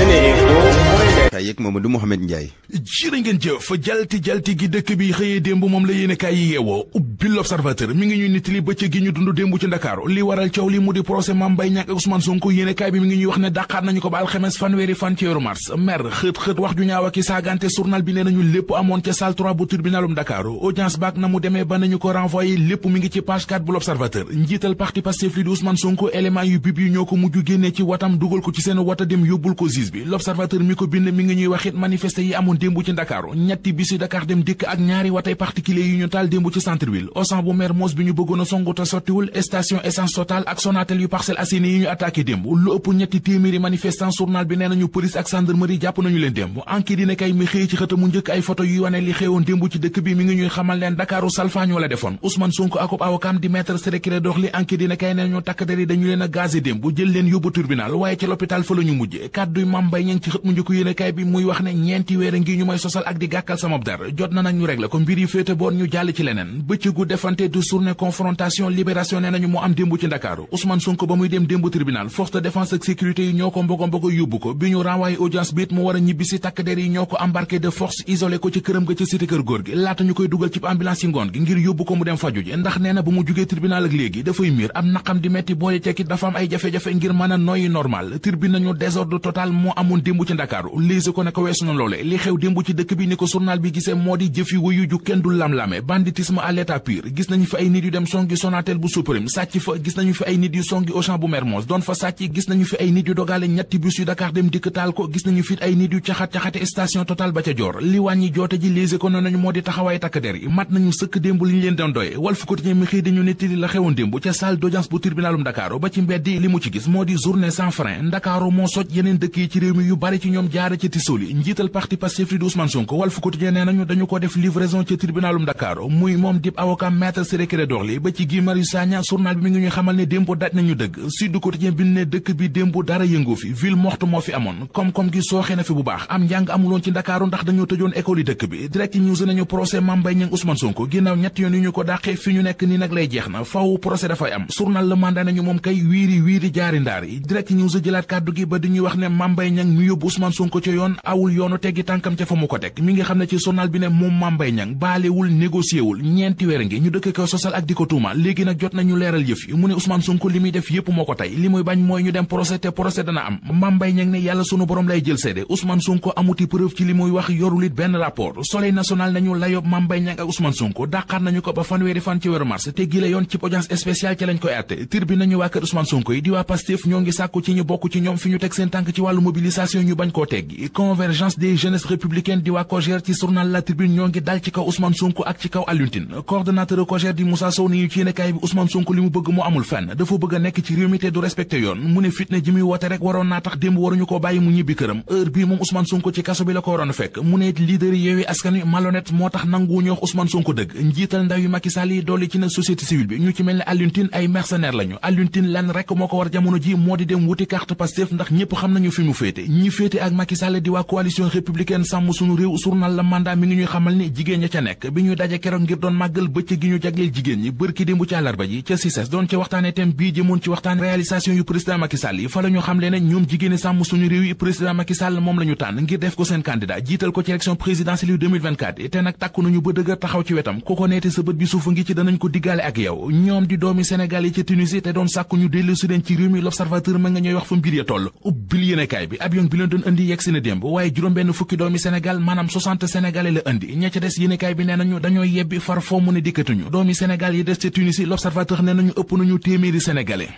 Generation yéenekaay yeeg Mamadou Mouhamed Ndiaye jërë ngeen jëf jalti jalti gi dëkk bi xëyee démb moom la yéenekaay yi yeewoo ubbi l'observateur mi ngi ñuy nittali bëccëg gi ñu dund démb ci Ndakaaru li waral coow li mu di procès Mame Mbaye Niang ak Ousmane Sonko bi mi ngi ñuy wax ne dàqaar nañu ko ba alxames fanweeri fan ci weeru mer xët xët wax ju ñaaw ak saagante journal bi nee nañu lépp amoon ca salle bu tribunalum Ndakaaru audience baak na mu demee ba nañu ngi ñuy waxit manifesté yi amoon démb ci ndakaaru ñetti bisu Dakar dem dikk ak ñaari watay particulier yu ñu taal démb ci centre osan bu Mermoz bi ñu bëggoon a sottiwul station essence Total ak Sonatel yu Parcelles Assainies yi ñu attaqué démb lu ëpp ñetti téeméeri manifestant journal bi nee nañu police ak gendarmerie jàpp nañu leen démb enquête dina kay mi xëy ci xëta mu njëkk ay photo yuy wane li xewoon démb ci dëkk bi mi ngi ñuy xamal leen bi muy wax ne ñeenti weer ngi ñu may sosal ak di gàkkal sama der jot na nag ñu régler ko mbir yi féete boor ñu jàll ci leneen bëccëgu defante du journée confrontation libération nee nañu moo am démb ci Ndakaaru Ousmane Sonko ba muy dem démb tribunal force de défense ak sécurité yi ñoo ko mbogo mbogo yóbbu ko bi ñu renvoyé audience bi mu war a ñibbi si takk der yi ñoo ko embarqué de force isolé ko ci këram ga ca cité kër góor gi laata ñu koy dugal ci ambulance ko mu dem faju ji ndax nee na ba mu jugee tribunal ak léegi dafay miir am naqam di metti boole tekki dafa am ay jafe-jafe ngir a noyyi normal tribune nañu désordre total si ko ne ko weesu na loole li xew démb ci dëkk bi ni ko journal bi gisee moo di jëf yi wuyu ju kenn du lam banditisme à l'état gis nañu fi ay nit yu dem songi Sonatel bu Suprême sàcc fa gis nañu fi ay nit yu songi Auchan bu Mermoz doon fa sàcc gis nañu fi ay nit yu dogale ñetti bus yu Dakar dem dikk taal ko gis nañu fi ay nit yu caxat-caxate station Total ba ca joor li wàññi joote ji léegi ko noonu moo di taxawaay takk der yi mat nañu leen doon doye moo di journée sans frein yi ci Fati Soli njiital parti Pastef li di Ousmane Sonko Walf Quotidien nee nañu dañu ko def livraison ci tribunalum Dakar muy moom dib avocat maître Ciré Clédor Ly ba ci Guy Marius Sagna journal bi mi ngi ñuy xamal ne démb daaj nañu dëgg Sud Quotidien bi ne dëkk bi démb ci Dakar nañu procès Mame Mbaye Niang Sonko ginnaaw ñetti ñu ko dàqee fi ñu nekk nii nag lay jeex na faw procès dafay am journal Le Mandat nañu moom kay wiiri wiiri jaari ndaar yoon awul yoonu teggi tànkam ca fa mu ko teg mi ngi xam ne ci journal bi ne moom Mame Mbaye Niang baalewul négocié wul ñeenti weer ngi ñu dëkk ko sosal ak di ko tuuma léegi nag jot nañu leeral yëf yi mu def yépp moo ko tey ñu dem procès te procès dana am Mame Mbaye Niang yàlla sunu borom lay jël seede Ousmane Sonko amuti preuve ci li muy wax yorul it benn rapport Soleil national nañu layob Mame Mbaye Niang ak Ousmane Sonko dàqaar nañu ko ba fanweeri fan ci weeru mars te gi yoon ci audience spéciale ñu bokk ci ñoom fi ñu teg seen di convergence des jeunesses républicaines di waa COJER ci journal La Tribune ñoo ngi dal ci kaw Ousmane Sonko ak ci kaw Alioune Tine coordonnateur di Moussa Sow ni ñu ci yéenekaay bi Ousmane Sonko li mu bëgg moo amul fenn dafa bëgg a nekk ci réew du respecté yoon mu ne fitna ji woote rek waroon naa tax démb waruñu ko bàyyi mu ñibbi këram heure bii moom Ousmane Sonko ci kaso bi la ko waroon fekk mu ne leader yeewi askan wi moo tax nanguwuñu wax Ousmane Sonko yu Macky Sall yi dolli ci na société civile bi ñu ci mel ne boole di waa coalition républicaine sàmm sunu réew journal la mandat mi ngi ñuy xamal ni jigéen ña ca nekk bi ñuy daje keroog ngir doon màggal bëccëg gi ñu jagleel jigéen ñi bërki démbu ci àllarba ji ca CICES doon ca waxtaane thème bii jëmoon ci waxtaan réalisation yu président Macky yi fa la ñu xamle ñoom jigéeni sàmm suñu réew yi président Macky moom la tànn ngir def ko seen candidat jiital ko ci élection présidentielle yu te nag tàkku nañu ba démb waaye juróom-benn fukki doomi Sénégal maanaam 60 la indi ña des yéenekaay bi nee nañu dañoo yebbi far foo ne dikkatuñu doomi Sénégal yi des ca Tunisie l'Observateur nee nañu ëpp nañu téeméeri Sénégalais